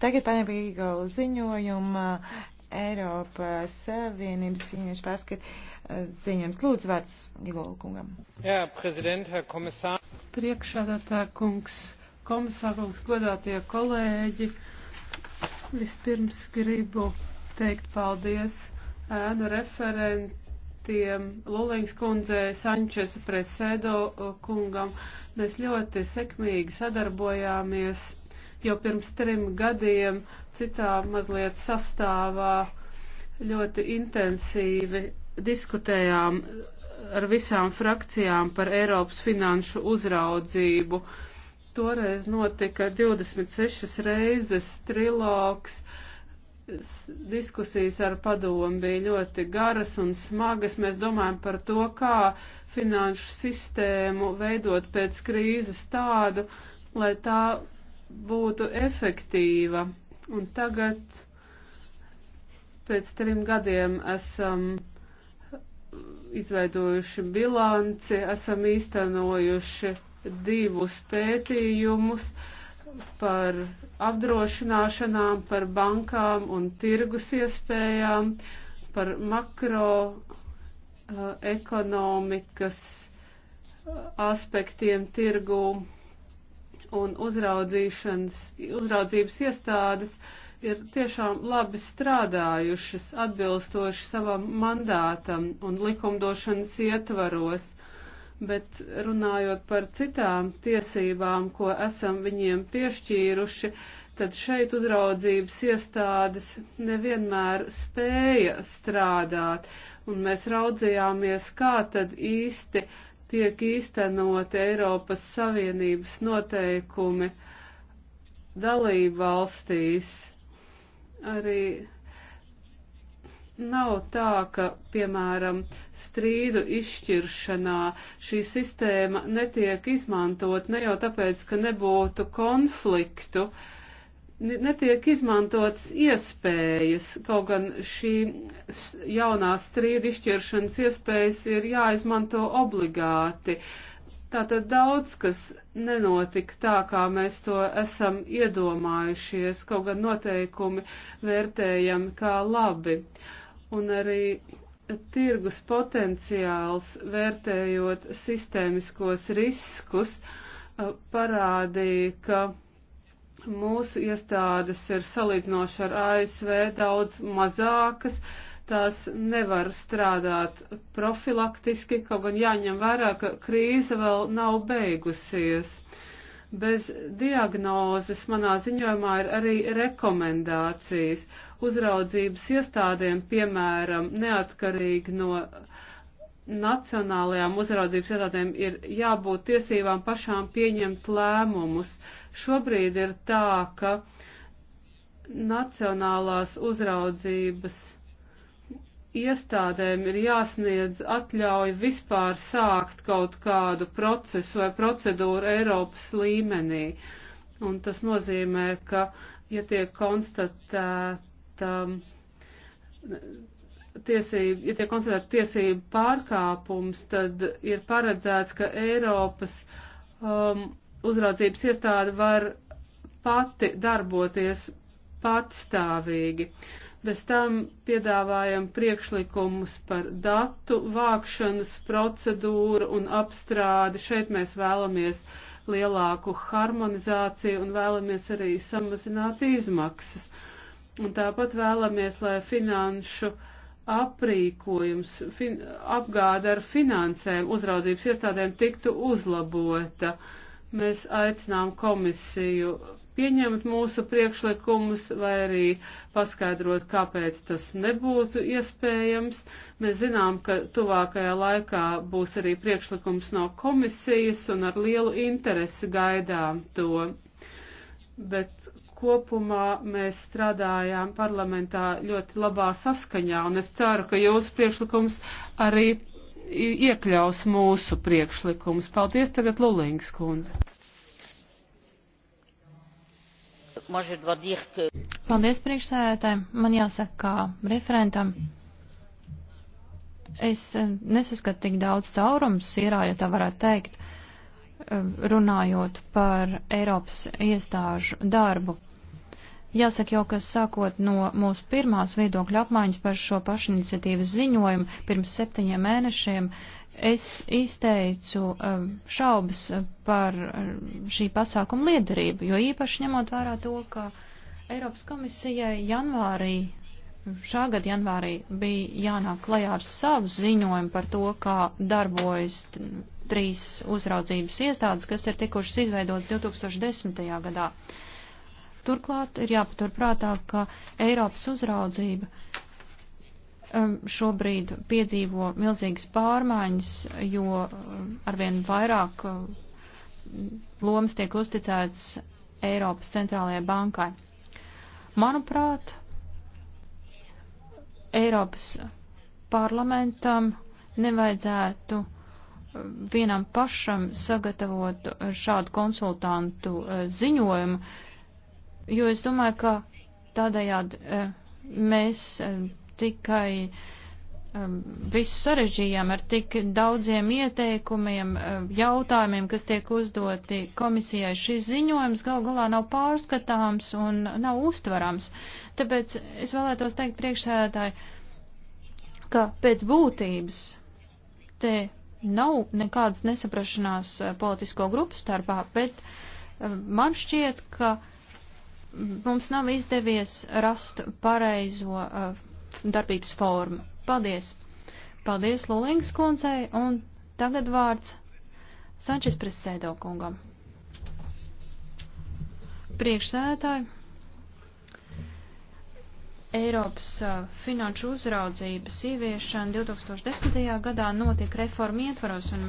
Tagad pārējām pie Igala ziņojuma. Eiropas Savienības finanšu pārskat eh, ziņojums. Lūdzu, vārds Igola kungam. Jā, prezident, herr komisār. Priekšādatā kungs, komisārkungs, godātie kolēģi. Vispirms gribu teikt paldies ēnu referentu deputātiem Lulīngas kundzē, Sančes Presedo kungam. Mēs ļoti sekmīgi sadarbojāmies jau pirms trim gadiem citā mazliet sastāvā ļoti intensīvi diskutējām ar visām frakcijām par Eiropas finanšu uzraudzību. Toreiz notika 26 reizes trilogs, diskusijas ar padomu bija ļoti garas un smagas. Mēs domājam par to, kā finanšu sistēmu veidot pēc krīzes tādu, lai tā būtu efektīva. Un tagad pēc trim gadiem esam izveidojuši bilanci, esam īstenojuši divus pētījumus par apdrošināšanām, par bankām un tirgus iespējām, par makroekonomikas eh, uh, eh, aspektiem tirgū un uzraudzības iestādes ir tiešām labi strādājušas atbilstoši savam mandātam un likumdošanas ietvaros, bet runājot par citām tiesībām, ko esam viņiem piešķīruši, tad šeit uzraudzības iestādes nevienmēr spēja strādāt, un mēs raudzījāmies, kā tad īsti uh, tiek īstenoti Eiropas Savienības noteikumi dalību valstīs. Arī nav tā, ka, piemēram, strīdu izšķiršanā šī sistēma netiek izmantot ne jau tāpēc, ka nebūtu konfliktu, uh, netiek izmantotas iespējas, kaut gan šī jaunā strīda izšķiršanas iespējas ir jāizmanto obligāti. Tātad daudz, kas nenotika tā, kā mēs to esam iedomājušies, kaut gan noteikumi vērtējam kā labi. Un arī tirgus potenciāls, vērtējot sistēmiskos riskus, uh, parādīja, ka mūsu iestādes ir salīdzinoši ar ASV daudz mazākas, tās nevar strādāt profilaktiski, kaut gan jāņem vērā, ka krīze vēl nav beigusies. Bez diagnozes manā ziņojumā ir arī rekomendācijas uzraudzības iestādēm, piemēram, neatkarīgi no uh, nacionālajām uzraudzības iestādēm ir jābūt tiesībām pašām pieņemt lēmumus. Šobrīd ir tā, ka nacionālās uzraudzības iestādēm ir jāsniedz atļauja vispār sākt kaut kādu procesu vai procedūru Eiropas līmenī. Un tas nozīmē, ka, ja tiek konstatēta um, tiesību, ja tiek konstatēta tiesību pārkāpums, tad ir paredzēts, ka Eiropas um, uzraudzības iestāde var pati darboties patstāvīgi. Bez tam piedāvājam priekšlikumus par datu vākšanas procedūru un apstrādi. Šeit mēs vēlamies lielāku harmonizāciju un vēlamies arī samazināt izmaksas. Un tāpat vēlamies, lai finanšu uh, aprīkojums, fin, apgāda ar finansēm uzraudzības iestādēm tiktu uzlabota. Mēs aicinām komisiju pieņemt mūsu priekšlikumus vai arī paskaidrot, kāpēc tas nebūtu iespējams. Mēs zinām, ka tuvākajā laikā būs arī priekšlikums no komisijas un ar lielu interesi gaidām to. Bet kopumā mēs strādājām parlamentā ļoti labā saskaņā, un es ceru, ka jūsu priekšlikums arī iekļaus mūsu priekšlikums. Paldies tagad Lulīngas kundze. Paldies priekšsēdētājiem. Man jāsaka, kā referentam, es eh, nesaskatu tik daudz caurums sirā, ja tā varētu teikt eh, runājot par Eiropas iestāžu darbu. Jāsaka jau, ka sākot no mūsu pirmās viedokļa apmaiņas par šo pašiniciatīvas ziņojumu pirms septiņiem mēnešiem, es izteicu eh, šaubas eh, par eh, šī pasākuma liederību, jo īpaši ņemot vērā to, ka Eiropas komisijai janvārī, šā gada janvārī bija jānāk klajā ar savu ziņojumu par to, kā darbojas trīs uzraudzības iestādes, kas ir tikušas izveidotas 2010. gadā. Turklāt ir jāpatur prātā, ka Eiropas uzraudzība um, šobrīd piedzīvo milzīgas pārmaiņas, jo um, arvien vairāk um, lomas tiek uzticētas Eiropas centrālajai bankai. Manuprāt, Eiropas parlamentam nevajadzētu vienam pašam sagatavot šādu konsultantu uh, ziņojumu, jo es domāju, ka tādējādi e, mēs e, tikai e, visu sarežģījām ar tik daudziem ieteikumiem, jautājumiem, kas tiek uzdoti komisijai. Šis ziņojums gal galā nav pārskatāms un nav uztverams. Tāpēc es vēlētos teikt priekšsēdētāji, ka pēc būtības te nav nekādas nesaprašanās politisko grupu starpā, bet man šķiet, ka uh, mums nav izdevies rast pareizo uh, darbības formu. Paldies! Paldies Lulīngas kundzei un tagad vārds Sančes presēdo kungam. Priekšsēdētāji, Eiropas uh, finanšu uzraudzības ieviešana 2010. gadā notiek reforma ietvaros un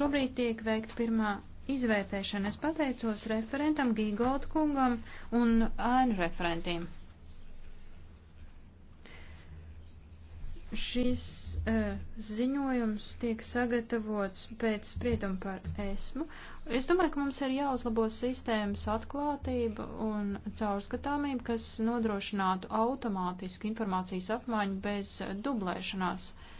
šobrīd tiek veikt pirmā izvērtēšana. Es pateicos referentam Gīgold kungam un ēnu referentiem. Šis uh, ziņojums tiek sagatavots pēc sprieduma par esmu. Es domāju, ka mums ir jāuzlabo sistēmas atklātība un caurskatāmība, kas nodrošinātu automātisku informācijas apmaiņu bez dublēšanās. Uh,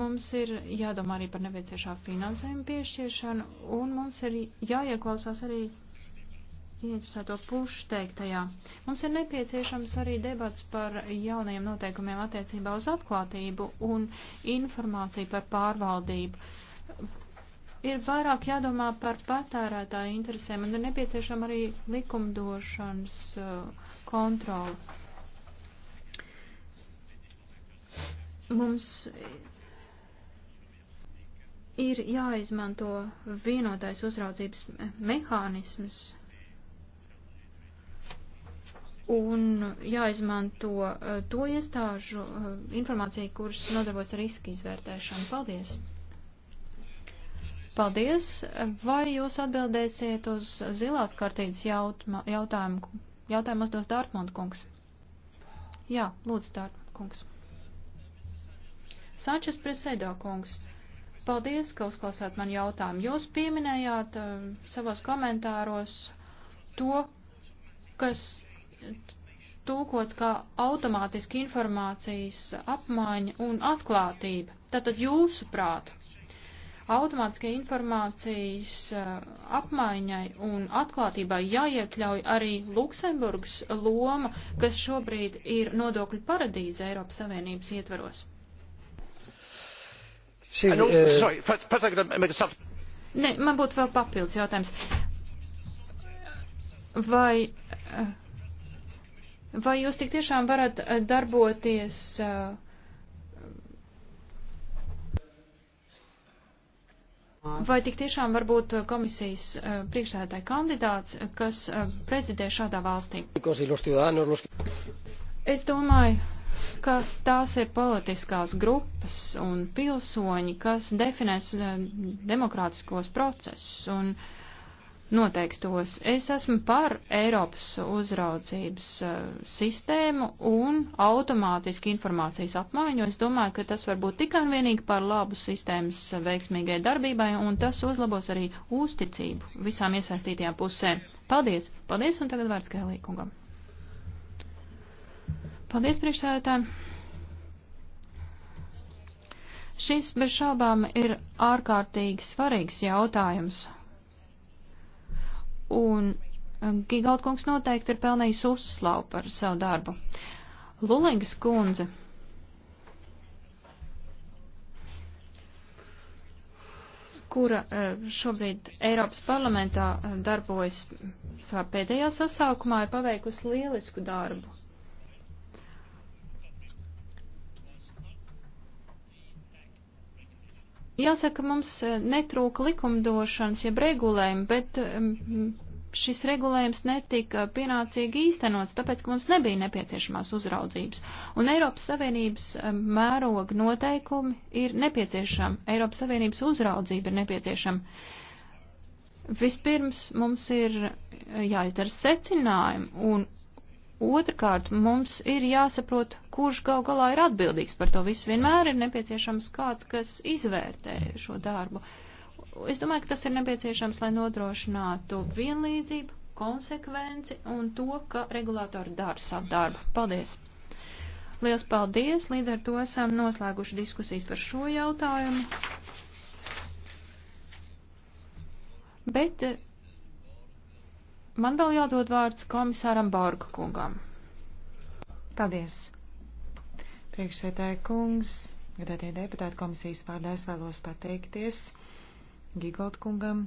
Mums ir jādomā arī par nepieciešā finansējuma piešķiršanu, un mums ir jāieklausās arī ieinteresēto pušu teiktajā. Mums ir nepieciešams arī debats par jaunajiem noteikumiem attiecībā uz atklātību un informāciju par pārvaldību. Ir vairāk jādomā par patērētāju interesēm un ir nepieciešama arī likumdošanas uh, kontrola. Mums ir jāizmanto vienotais uzraudzības mehānisms un jāizmanto eh, to iestāžu eh, informāciju, kuras nodarbojas ar riska izvērtēšanu. Paldies! Paldies! Vai jūs atbildēsiet uz zilās kartītes jautājumu? Jautājumu uzdos Dārtmund kungs. Jā, lūdzu, Dārtmund kungs. Sančes Presedo kungs. Uh, Paldies, ka uzklausāt man jautājumu. Jūs pieminējāt uh, savos komentāros to, kas tūkots kā automātiski informācijas apmaiņa un atklātība. Tātad jūsuprāt, automātiskai informācijas uh, apmaiņai un atklātībai jāiekļauj arī Luksemburgas loma, kas šobrīd ir nodokļu paradīze Eiropas Savienības ietvaros. Šī, know, uh, sorry, first, first ne, man būtu vēl papildus jautājums. Vai, eh, vai jūs tik tiešām varat eh, darboties uh, Vai tik tiešām var būt komisijas priekšsēdētāja kandidāts, kas prezidē šādā valstī? Es domāju, ka tās ir politiskās grupas un pilsoņi, kas definēs eh, demokrātiskos procesus un noteiks tos. Es esmu par Eiropas uzraudzības eh, sistēmu un automātiski informācijas apmaiņu. Es domāju, ka tas var būt tikai un vienīgi par labu sistēmas veiksmīgai darbībai un tas uzlabos arī uzticību visām iesaistītajām pusēm. Paldies! Paldies un tagad vārds Kēlī kungam. Paldies, priekšsēdētāji! Šis bez šaubām ir ārkārtīgi svarīgs jautājums. Un Gigaldkungs noteikti ir pelnījis uzslavu par savu darbu. Lulingas kundze. kura eh, šobrīd Eiropas parlamentā eh, darbojas savā pēdējā sasaukumā, ir paveikusi lielisku darbu. Jāsaka, mums e, netrūka likumdošanas, jeb regulējumi, bet šis regulējums netika e, pienācīgi īstenots, tāpēc, ka mums nebija nepieciešamās uzraudzības. Un Eiropas Savienības e, mēroga noteikumi ir nepieciešami, Eiropas Savienības uzraudzība ir nepieciešama. Vispirms mums ir jāizdara secinājumi un Otrakārt, mums ir jāsaprot, kurš gal galā ir atbildīgs par to visu. Vienmēr ir nepieciešams kāds, kas izvērtē šo darbu. Es domāju, ka tas ir nepieciešams, lai nodrošinātu vienlīdzību, konsekvenci un to, ka regulātori dara savu darbu. Paldies! Liels paldies! Līdz ar to esam noslēguši diskusijas par šo jautājumu. Bet eh, Man vēl jādod vārds komisāram Borga kungam. Paldies. Priekšsētāja kungs, gadētie deputāti komisijas vārdā es vēlos pateikties Gigold kungam.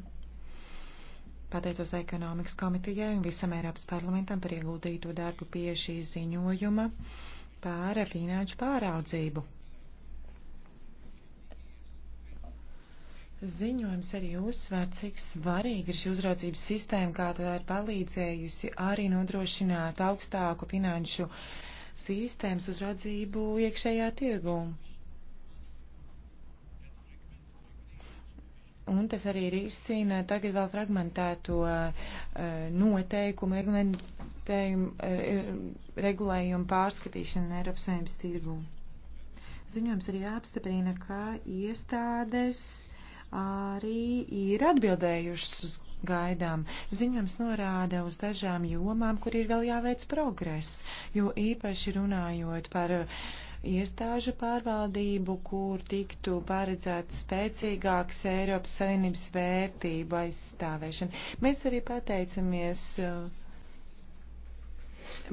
Pateicos ekonomikas komitejai un visam Eiropas parlamentam par ieguldīto darbu pie šī ziņojuma pāra finanšu pāraudzību. Ziņojums arī uzsver, cik svarīga ir šī uzraudzības sistēma, kā tā ir palīdzējusi arī nodrošināt augstāku finanšu sistēmas uzraudzību iekšējā tirgū. Un tas arī risina tagad vēl fragmentēto eh, noteikumu eh, regulējumu pārskatīšanu Eiropas Savienības tirgū. Ziņojums arī apstiprina, ka iestādes arī ir atbildējušas uz gaidām. Ziņojums norāda uz dažām jomām, kur ir vēl jāveic progress, jo īpaši runājot par uh, iestāžu pārvaldību, kur tiktu paredzēts spēcīgāks Eiropas Savienības vērtību aizstāvēšana. Mēs arī pateicamies uh,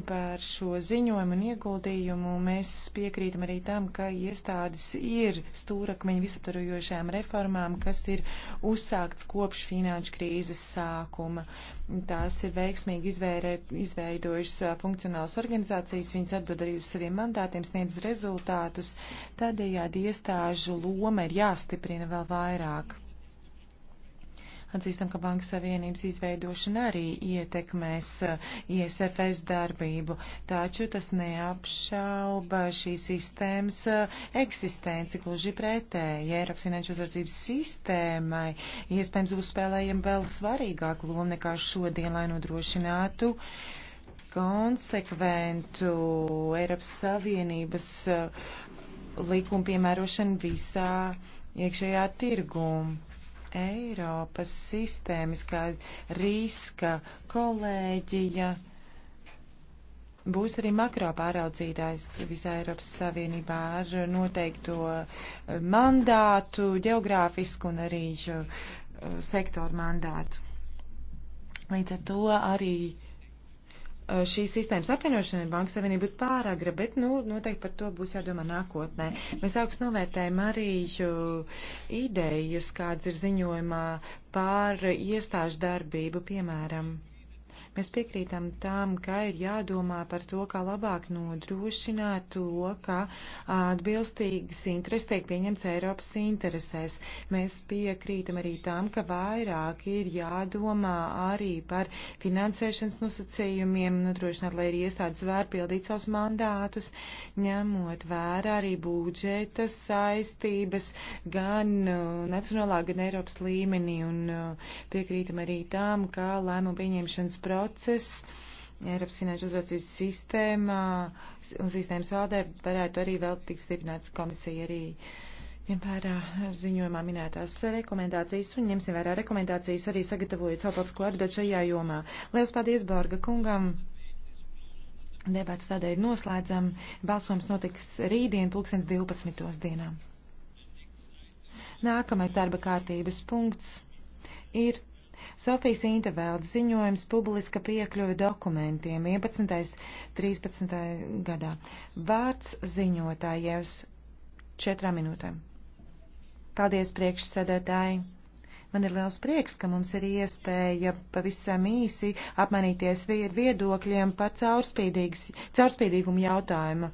par šo ziņojumu un ieguldījumu. Mēs piekrītam arī tam, ka iestādes ir stūrakmeņi visaptarojošajām reformām, kas ir uzsākts kopš finanšu krīzes sākuma. Tās ir veiksmīgi izvērē, izveidojušas funkcionālas organizācijas, viņas atbild arī uz saviem mandātiem, sniedz rezultātus. Tādējādi iestāžu loma ir jāstiprina vēl vairāk. Atzīstam, ka Banka Savienības izveidošana arī ietekmēs eh, ISFS darbību, taču tas neapšauba šīs sistēmas eh, eksistenci, gluži pretēji. Eiropas finanšu uzraudzības sistēmai iespējams uzspēlējam vēl svarīgāku lomu nekā šodien, lai nodrošinātu konsekventu Eiropas Savienības eh, likuma piemērošanu visā iekšējā tirgumā. Eiropas sistēmiskā riska kolēģija būs arī makro pāraudzītājs visā Eiropas Savienībā ar noteikto mandātu, geogrāfisku un arī uh, sektoru mandātu. Līdz ar to arī Eh, šīs sistēmas apvienošanai Banka Savienība būtu pāragra, bet nu, noteikti par to būs jādomā nākotnē. Mēs augstu novērtējam arī eh, idejas, kādas ir ziņojumā pār iestāžu darbību, piemēram. Mēs piekrītam tam, ka ir jādomā par to, kā labāk nodrošināt to, ka atbilstīgas intereses tiek pieņemts Eiropas interesēs. Mēs piekrītam arī tam, ka vairāk ir jādomā arī par finansēšanas nosacījumiem, nodrošināt, lai arī iestādes var pildīt savus mandātus, ņemot vērā arī budžeta saistības gan uh, nacionālā, gan Eiropas līmenī. Un uh, piekrītam arī tam, ka lēmumu pieņemšanas procesa process. Eiropas finanšu uzraudzības sistēma un sistēmas vādē varētu arī vēl tikt stiprināts komisija arī vienmēr ziņojumā minētās rekomendācijas un ņemsim vērā rekomendācijas arī sagatavojot savu publisko atbildu šajā jomā. Liels paldies Borga kungam! Debats tādēļ noslēdzam. Balsojums notiks rītdien, pulkstens 12. dienā. Nākamais darba kārtības punkts ir Sofijas Intervēlda ziņojums publiska piekļuve dokumentiem 11. 13. gadā. Vārds ziņotājiem četrām minūtēm. Paldies priekšsēdētāji! Man ir liels prieks, ka mums ir iespēja pavisam īsi apmainīties viedokļiem par caurspīdīgumu jautājumu.